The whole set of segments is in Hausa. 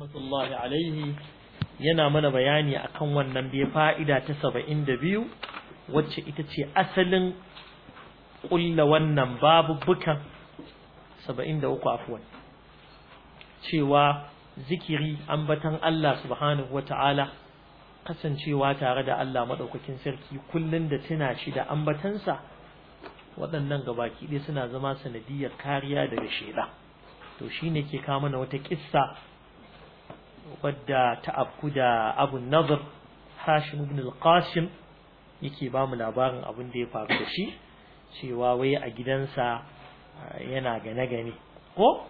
rahmatullahi alaihi yana mana bayani akan wannan bai fa'ida ta saba'in wacce ita ce asalin ƙulla wannan babu bukan 73 afwan cewa zikiri ambatan Allah subhanahu wa kasancewa tare da Allah maɗaukakin sarki kullun da tuna shi da ambatansa waɗannan gabaki ɗaya suna zama sanadiyar kariya daga shaida to shine ke kawo mana wata kissa wadda ta abku da abu nazar hashim ibn al-qasim yake ba mu labarin abin da ya faru da shi cewa wai a gidansa yana gane-gane ko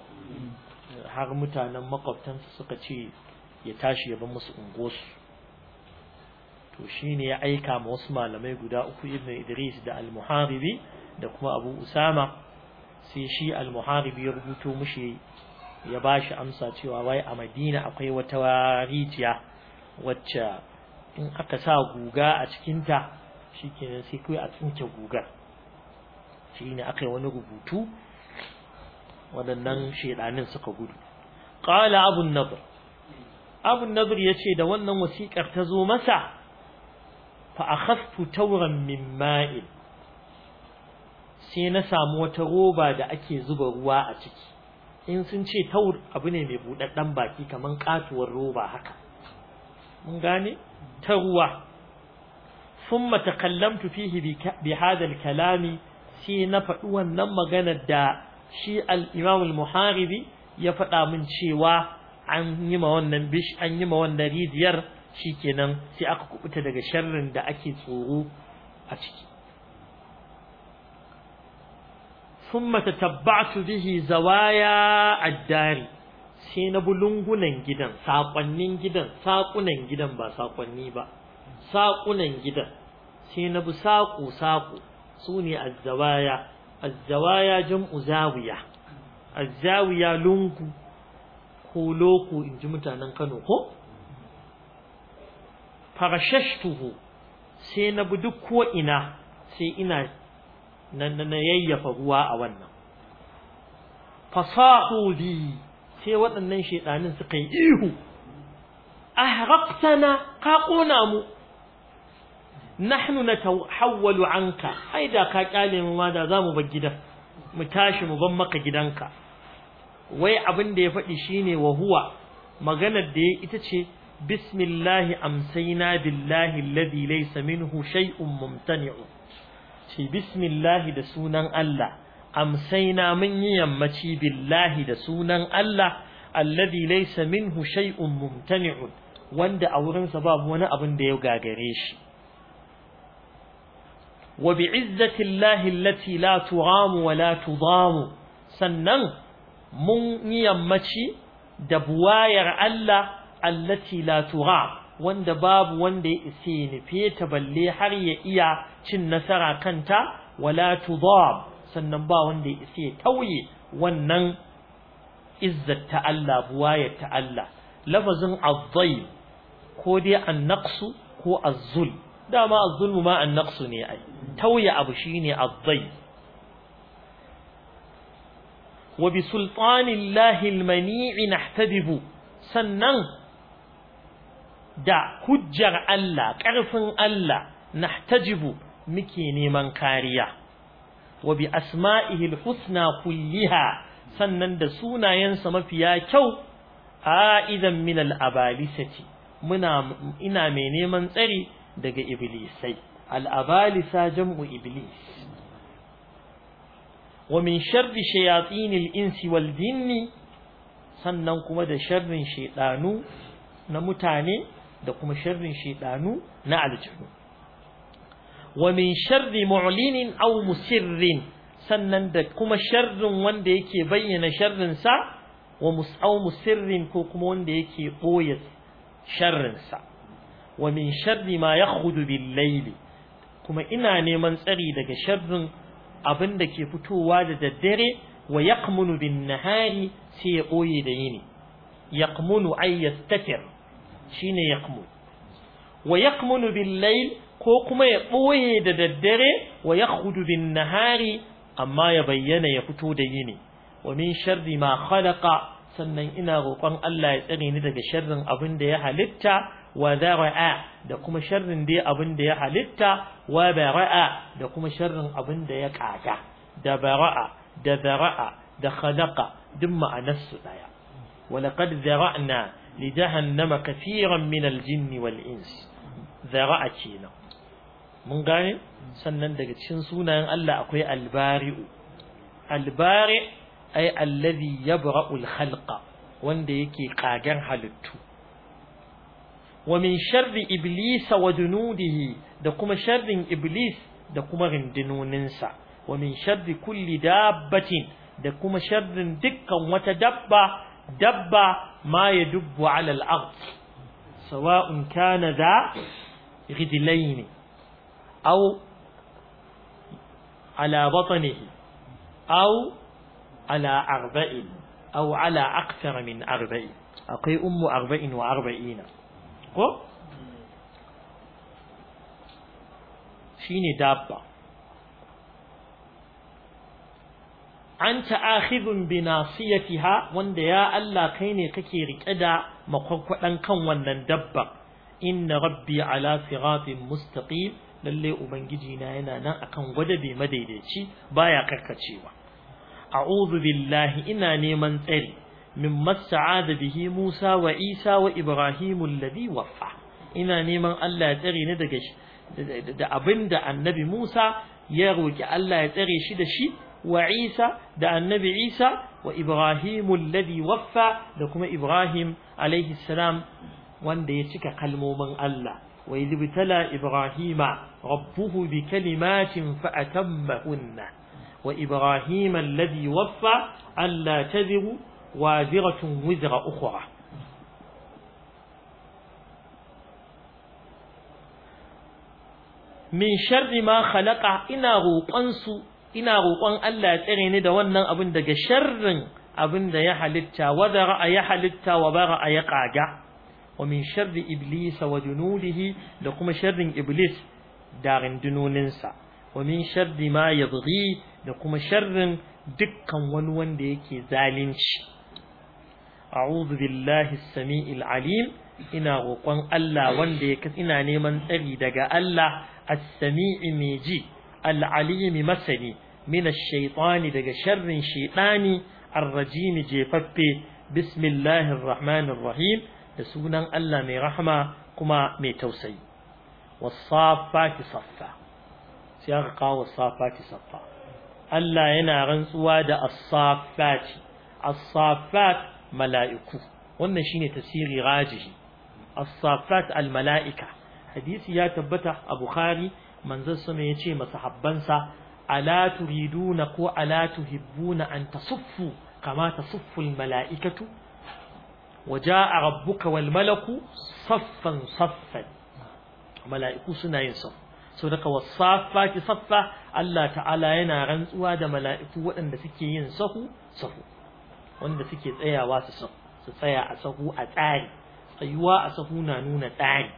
har mutanen makwabtansa suka ce ya tashi ya bar musu ungosu to shine ya aika ma wasu malamai guda uku ibn Idris da al-Muharibi da kuma Abu Usama sai shi al-Muharibi ya rubuto mushi ya ba shi amsa cewa wai a madina akwai wata rijiya wacce in aka sa guga a cikinta shi kenan sai kawai a tsinke gugar shi ne aka yi wani rubutu waɗannan shaidanin suka gudu ƙala abun nabir abun nabir ya ce da wannan wasiƙar ta zo masa fa a hasfu tauran min ma'il sai na samu wata roba da ake zuba ruwa a ciki in sun ce taur abu ne mai buɗaɗɗen baki kamar katuwar roba haka mun gane ta ruwa ثم kallon فيه بهذا Kalami, sai na faɗi wannan maganar da shi al muharibi ya faɗa min cewa an yi ma wannan bish an yi ma wannan rijiyar sai aka kubuta daga sharrin da ake tsoro a ciki ثم تتبعت به زوايا الدار sai na bi lungunan gidan saƙonnin gidan saƙunan gidan ba saƙonni ba saƙunan gidan sai na bi saƙo saƙo su ne azzawaya azzawaya jam'u zawiya azzawiya lungu ko loko in ji mutanen Kano ko farashashtuhu sai na bi duk ko ina sai ina na yayyafa ruwa a wannan fasahu bi sai waɗannan shedanin suka yi ihu ahraqtana ka kona mu nahnu natahawwalu anka ai da ka kyale mu ma da zamu bar gidan mu tashi mu ban maka gidanka wai abin da ya faɗi shine wa huwa maganar da ya ita ce bismillahi amsayna billahi alladhi laysa minhu shay'un mumtani'un ce bismillahi da sunan Allah amsaina mun yi yammaci billahi da sunan Allah alladhi laysa minhu shay'un mumtani'un wanda a wurinsa babu wani abin da ya gagare shi wa bi'izzati llahi allati la tu'amu wa la tudamu sannan mun yi yammaci da buwayar Allah allati la tu'am wanda babu wanda ya isi fiye ta balle har ya iya cin nasara kanta wala tudab sannan ba wanda ya isi ya tauye wannan izzat ta Allah buwaya ta Allah lafazin azzai ko dai annaqsu ko azzul dama azzulmu ma annaqsu ne ai tauye abu shine azzai وبسلطان الله المنيع نحتدب sannan da hujjar Allah ƙarfin Allah nahtajibu muke neman kariya wa bi asma'ihi husna kulliha sannan da sunayensa mafiya kyau a'idan min al-abalisati muna ina mai neman tsari daga iblisai al-abalisa jam'u iblis wa min sharri shayatinil insi wal jinni sannan kuma da sharrin shaiɗanu na mutane da kuma sharrin shaidanu na aljanu wa min sharri mu'linin aw musirrin sannan da kuma sharrin wanda yake bayyana sharrin sa wa mus'aw musirrin ko kuma wanda yake boye sharrin sa wa min sharri ma yakhudu bil layli kuma ina neman tsari daga sharrin abin da ke fitowa da daddare wa yaqmunu bin nahari sai ya boye da yini yaqmunu ay yastatir shine yaqmun wa yaqmunu bil layl ko kuma ya boye da daddare wa yakhudu bin nahari amma ya bayyana ya fito da yini wa min sharri ma khalaqa sannan ina roƙon Allah ya tsare ni daga sharrin abin da ya halitta wa dara'a da kuma sharrin dai abin da ya halitta wa bara'a da kuma sharrin abin da ya kaga da bara'a da zara'a da khalaqa duk ma'anar su daya wa laqad na. لجهنم كثيرا من الجن والإنس ذراء كينا من قال سنن دقى تشنسونا ألا أقوي البارئ البارئ أي الذي يبرأ الخلق wanda yake kagen halittu wa min sharri iblis wa junudihi da kuma sharrin iblis da kuma rindinuninsa wa min sharri kulli dabbatin da kuma sharrin dukkan wata dabba dabba ما يدب على الأرض سواء كان ذا غدلين أو على بطنه أو على أربع أو على أكثر من أربع أقي أم أربع وأربعين شيني دابة anta akhidhun bi nasiyatiha wanda ya Allah kai ne kake rike da makwakwadan kan wannan dabba inna rabbi ala siratin mustaqim lalle ubangiji na yana nan akan gwada bai madaidaici baya karkacewa a'udhu billahi ina neman tsari min mas'ada bihi Musa wa Isa wa Ibrahim alladhi waffa ina neman Allah ya tsare ni daga da abinda annabi Musa ya roki Allah ya tsare shi da shi wa Isa da annabi Isa wa Ibrahim alladhi waffa da kuma Ibrahim alaihi wanda ya cika kalmomin Allah wa idbtala Ibrahima rabbuhu bi kalimatin fa atammahunna wa Ibrahim alladhi Allah ta taziru waziratun wizra ukhra min sharri ma khalaqa ina roƙon su ina roƙon Allah ya tsare ni da wannan abin daga sharrin abin da ya halitta wa da ya halitta wa raa ya kaga wa min sharri iblis wa junudihi da kuma sharrin iblis da rindunoninsa wa min sharri ma yadghi da kuma sharrin dukkan wani wanda yake zalunci a'udhu billahi as-sami'il alim ina roƙon Allah wanda ya ina neman tsari daga Allah as-sami'i mai ji al'alimi masani mina shaitani daga sharrin shaitani arrajimi jefaffe bismillahir rahmanir rahim da sunan Allah mai rahama kuma mai tausayi wasafati saffa sai aka kawo wasafati saffa Allah yana rantsuwa da asafati. Asafat mala'iku wannan shine tafsiri rajihi asafat al-mala'ika hadisi ya tabbata a Bukhari manzon sama ya ce masa habbansa ala turiduna ko ala tuhibbuna an tasuffu kama tasuffu mala'ikatu waja'a rabbuka wal malaku saffan saffan mala'iku suna yin saff so daga wasafati saffa Allah ta'ala yana rantsuwa da mala'iku waɗanda suke yin sahu sahu wanda suke tsayawa su sahu su tsaya a sahu a tsari tsayuwa a sahu na nuna tsari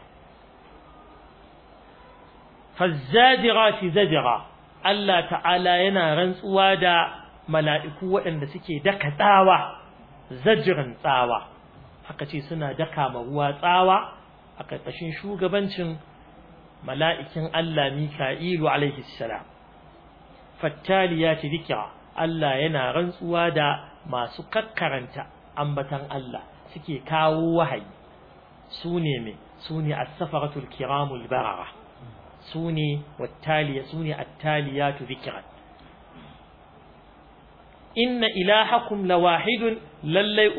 fazzajirati zajira Allah ta'ala yana rantsuwa da mala'iku waɗanda suke daka tsawa zajirin tsawa haka ce suna daka ma ruwa tsawa a ƙarƙashin shugabancin mala'ikin Allah Mika'ilu alaihi salam fattaliyati dhikra Allah yana rantsuwa da masu kakkaranta ambatan Allah suke kawo wahayi su ne me su as-safaratul kiramul barara sune wattaliya sune attaliyatu dhikran inna ilahakum lawahidun lallai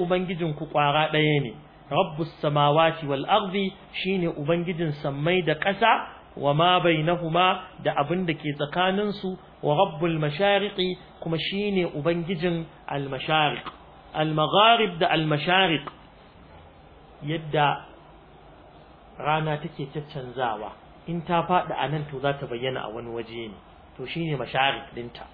ku kwara ɗaya ne rabbus samawati wal ardi shine ubangijin sammai da ƙasa wa ma bainahuma da abin da ke tsakanin su wa rabbul mashariqi kuma shine ubangijin al mashariq al magharib da al mashariq yadda rana take canzawa in ta faɗi a nan to za ta bayyana a wani waje ne to shine masharik dinta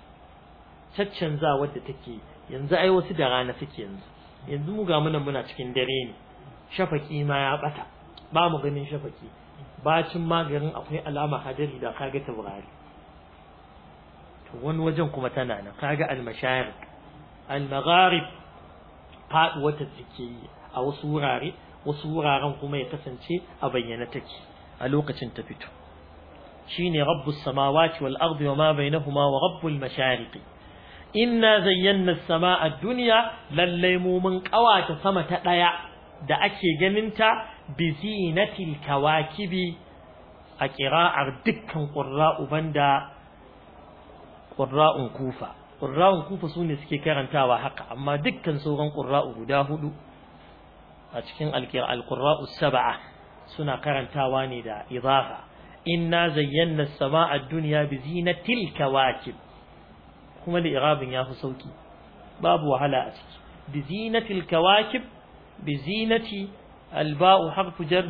caccanza wadda take yanzu ai wasu da rana suke yanzu yanzu mu ga muna cikin dare ne shafaki ma ya bata ba mu ganin shafaki bacin maganin akwai alama hadari da kaga taurari to wani wajen kuma tana nan kaga al-masharik faɗuwa magharib faduwa ta take a wasu wurare wasu wuraren kuma ya kasance a bayyana take a lokacin ta fito shine rabbus samawati wal ardi na bainahuma wa rabbul mashariqi inna zayyana samaa ad-dunya lallai mu mun kawata sama ta daya da ake ganinta bi zinatil kawakibi a qira'ar dukkan qurra'u banda qurra'un kufa qurra'un kufa sune suke karantawa haka amma dukkan sauran qurra'u guda hudu a cikin al-qira'u sab'a suna karantawa ne da idafa inna zayyana samaa ad-dunya bi zinatil kawakib kuma da irabin yafi sauki babu wahala a ciki bi zinatil kawakib bi zinati Alba'u bau harfu jarr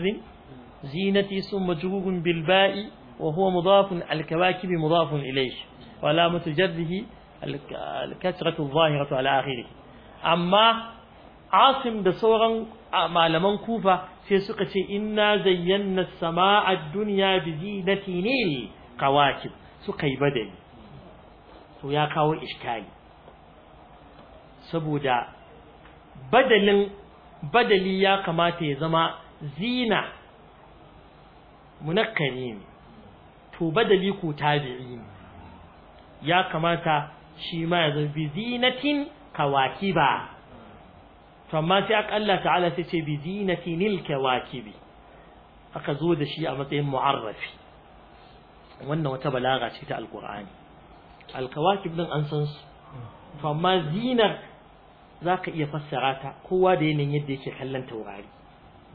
zinati summa majrurun bilba'i ba'i wa huwa mudafun al-kawakib mudafun ilayh wa alamatu jarrihi al-kasratu adh-dhahiratu ala akhirih amma asim da sauran A malaman kufa sai suka ce inna zayyana samaa ad-dunya bi zinati al-kawakib suka yi badali to ya kawo iskali saboda badalin badali ya kamata ya zama zina munakkani ne to badali ko tabi'i ne ya kamata shi ma ya zama bi zinatin kawakiba to amma sai aka Allah ta'ala sai ce bi zinati nil wakibi. aka zo da shi a matsayin mu'arrafi wannan wata balaga ce ta alqur'ani alkawakib din an san su to amma zinar zaka iya fassara ta kowa da yanayin yadda yake kallon taurari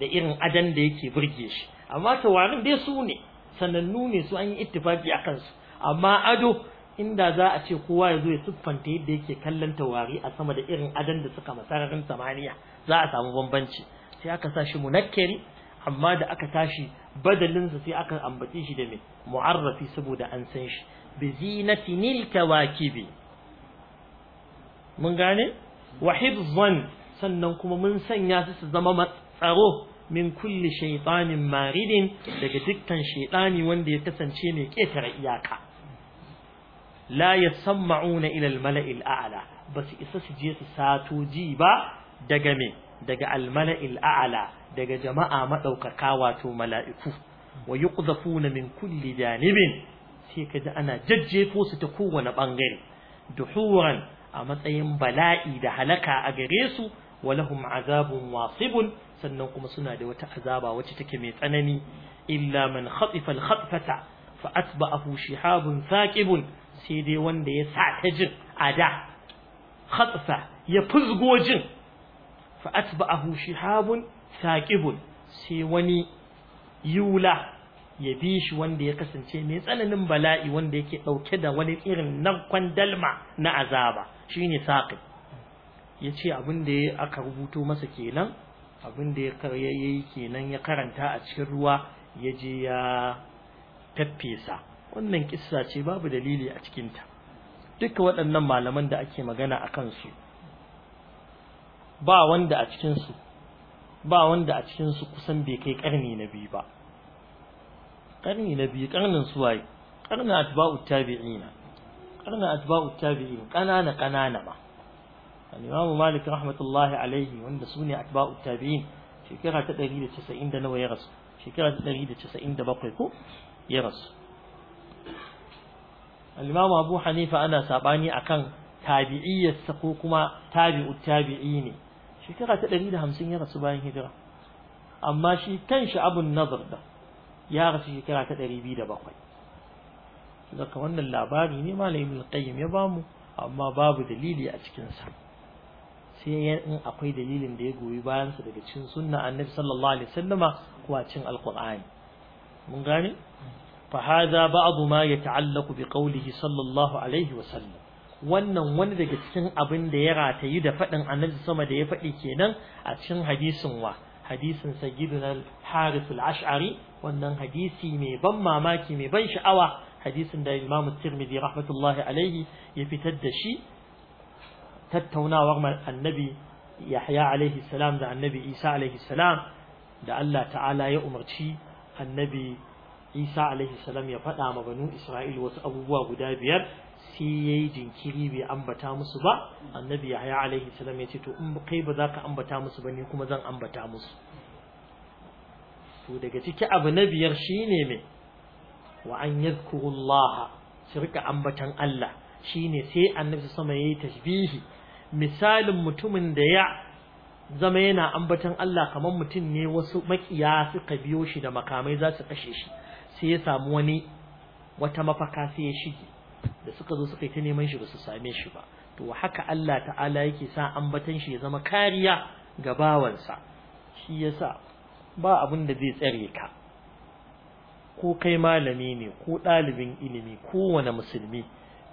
da irin adan da yake burge shi amma taurarin dai su ne sanannu ne su an yi ittifaki a kansu amma ado inda za a ce kowa ya zo ya siffanta yadda yake kallon taurari a sama da irin adan da suka masararin samaniya za a samu bambanci sai aka sa shi munakkari amma da aka tashi badalinsa sai aka ambace shi da mai mu'arrafi saboda an san shi bi zinatinil kawakibi mun gane wa hifzan sannan kuma mun sanya su su zama tsaro min kulli shaytanin maridin daga dukkan shaytani wanda ya kasance mai ketare iyaka la yasamma'una ila al-mala'il a'la basu isa su je su sato ji ba daga me daga al-mala'il a'la daga jama'a madaukaka wato mala'iku wa yuqdhafuna min kulli janibin sai kaji ana jajjefo su ta kowane bangare duhuran a matsayin bala'i da halaka a gare su lahum azabun wasibun sannan kuma suna da wata azaba wacce take mai tsanani illa man khatifa al-khatfata fa atba'ahu shihabun thaqibun sai dai wanda ya sa ta jin a da khatsa ya fuzgo jin fa atba'ahu shihabun saqibun sai wani yula ya bi shi wanda ya kasance mai tsananin bala'i wanda yake dauke da wani irin nankwan dalma na azaba shine saqib ce abin da aka rubuto masa kenan abin da ya yi kenan ya karanta a cikin ruwa ya je ya tafesa wannan kissa ce babu dalili a cikinta duka waɗannan malaman da ake magana a kansu ba wanda a cikinsu ba wanda a cikinsu kusan bai kai ƙarni na biyu ba ƙarni na biyu ƙarnin su waye ƙarnin atba'u tabi'ina ƙarnin atba'u tabi'in ƙanana ƙanana ma al-imam malik rahmatullahi alaihi wanda su ne atba'u tabi'in shekara ta 190 da nawa ya rasu shekara ta 197 ko ya rasu al-imam abu hanifa ana sabani akan tabi'iyyarsa ko kuma tabi'u tabi'i ne shekara ta 150 ya rasu bayan hijira amma shi kanshi abun nazar da ya rasu shekara ta 207 daga wannan labari ne malamin al-qayyim ya bamu amma babu dalili a cikin sa sai in akwai dalilin da ya goyi bayan sa daga cikin sunna annabi sallallahu alaihi wasallama ko a cikin alqur'ani mun gane فهذا بعض ما يتعلق بقوله صلى الله عليه وسلم wannan wani daga cikin abin da ya ratayi da faɗin annabi sama da ya faɗi kenan a cikin hadisin wa hadisin sayyidina al-harith al-ash'ari wannan hadisi mai ban mamaki mai ban sha'awa hadisin da Imam Tirmidhi rahmatullahi alaihi ya fitar da shi tattaunawar annabi Yahya alaihi salam da annabi Isa alaihi salam da Allah ta'ala ya umarci annabi Isa alaihi salam ya faɗa ma banu Isra'il wasu abubuwa guda biyar sai yayi jinkiri bai ambata musu ba annabi Yahya alaihi salam ya ce to in kai ba za ka ambata musu ba ni kuma zan ambata musu to daga ciki abu na biyar shine me wa an yadhkurullaha su rika ambatan Allah shine sai annabi sama yayi tashbihi misalin mutumin da ya zama yana ambatan Allah kamar mutum ne wasu makiya suka biyo shi da makamai za su kashe shi sai ya samu wani wata mafaka sai ya shige da suka zo suka yi ta neman shi ba su same shi ba to haka Allah ta'ala yake sa ambatan shi ya zama kariya ga bawansa shi yasa ba abin da zai tsare ka ko kai malami ne ko ɗalibin ilimi kowane musulmi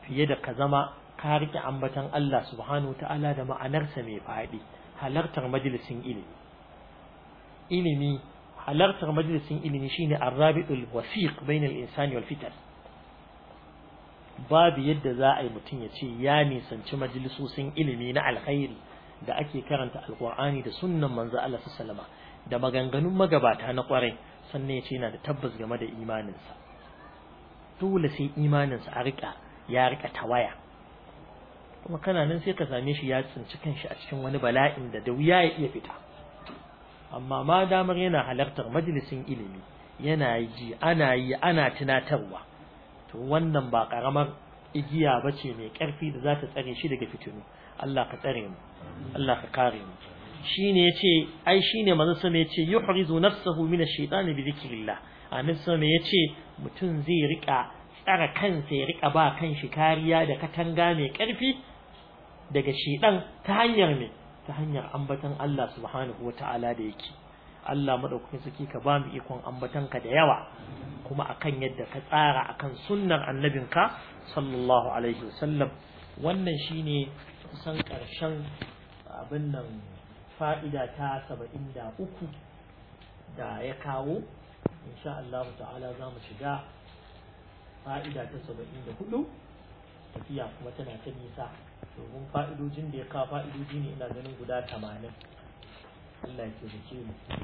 fiye da ka zama ka rike ambatan Allah subhanahu ta'ala da ma'anarsa mai faɗi halartar majalisin ilimi ilimi halartar majalisin ilimi shine arrabi'ul wasiq bainal insani wal fitan babu yadda za a yi mutum ya ce ya nisanci majalisosin ilimi na alkhairi da ake karanta alkur'ani da sunnan manzo Allah sallama da maganganun magabata na kwarai sannan ya ce yana da tabbas game da imaninsa dole sai imaninsa a rika ya rika tawaya kuma kana nan sai ka same shi ya tsinci kanshi a cikin wani bala'in da da wuya ya iya fita amma ma damar yana halartar majalisin ilimi yana yi, ana yi ana tunatarwa to wannan ba karamar igiya bace mai ƙarfi da za ta tsare shi daga fitinu Allah ka tsare mu Allah ka kare mu shine yace ai shine manzo sama yace yuhrizu nafsahu min ash-shaytani bi dhikrillah annabi ya yace mutum zai rika tsara kansa ya rika ba kan shi kariya da katanga mai ƙarfi daga shedan ta hanyar mai ta hanyar ambatan Allah subhanahu wata'ala da yake Allah madaukakin sarki ka ba ikon ambatanka da yawa kuma akan yadda ka tsara akan sunnar annabinka sallallahu alaihi wasallam wannan shine kusan karshen abin nan fa'ida ta saba'in da uku ya kawo insha Allah ta'ala za mu shiga fa'ida ta saba'in da tafiya kuma tana ta nisa domin fa'idojin da ya ka fa'idoji ne ina ganin guda tamanin Allah ya taimake mu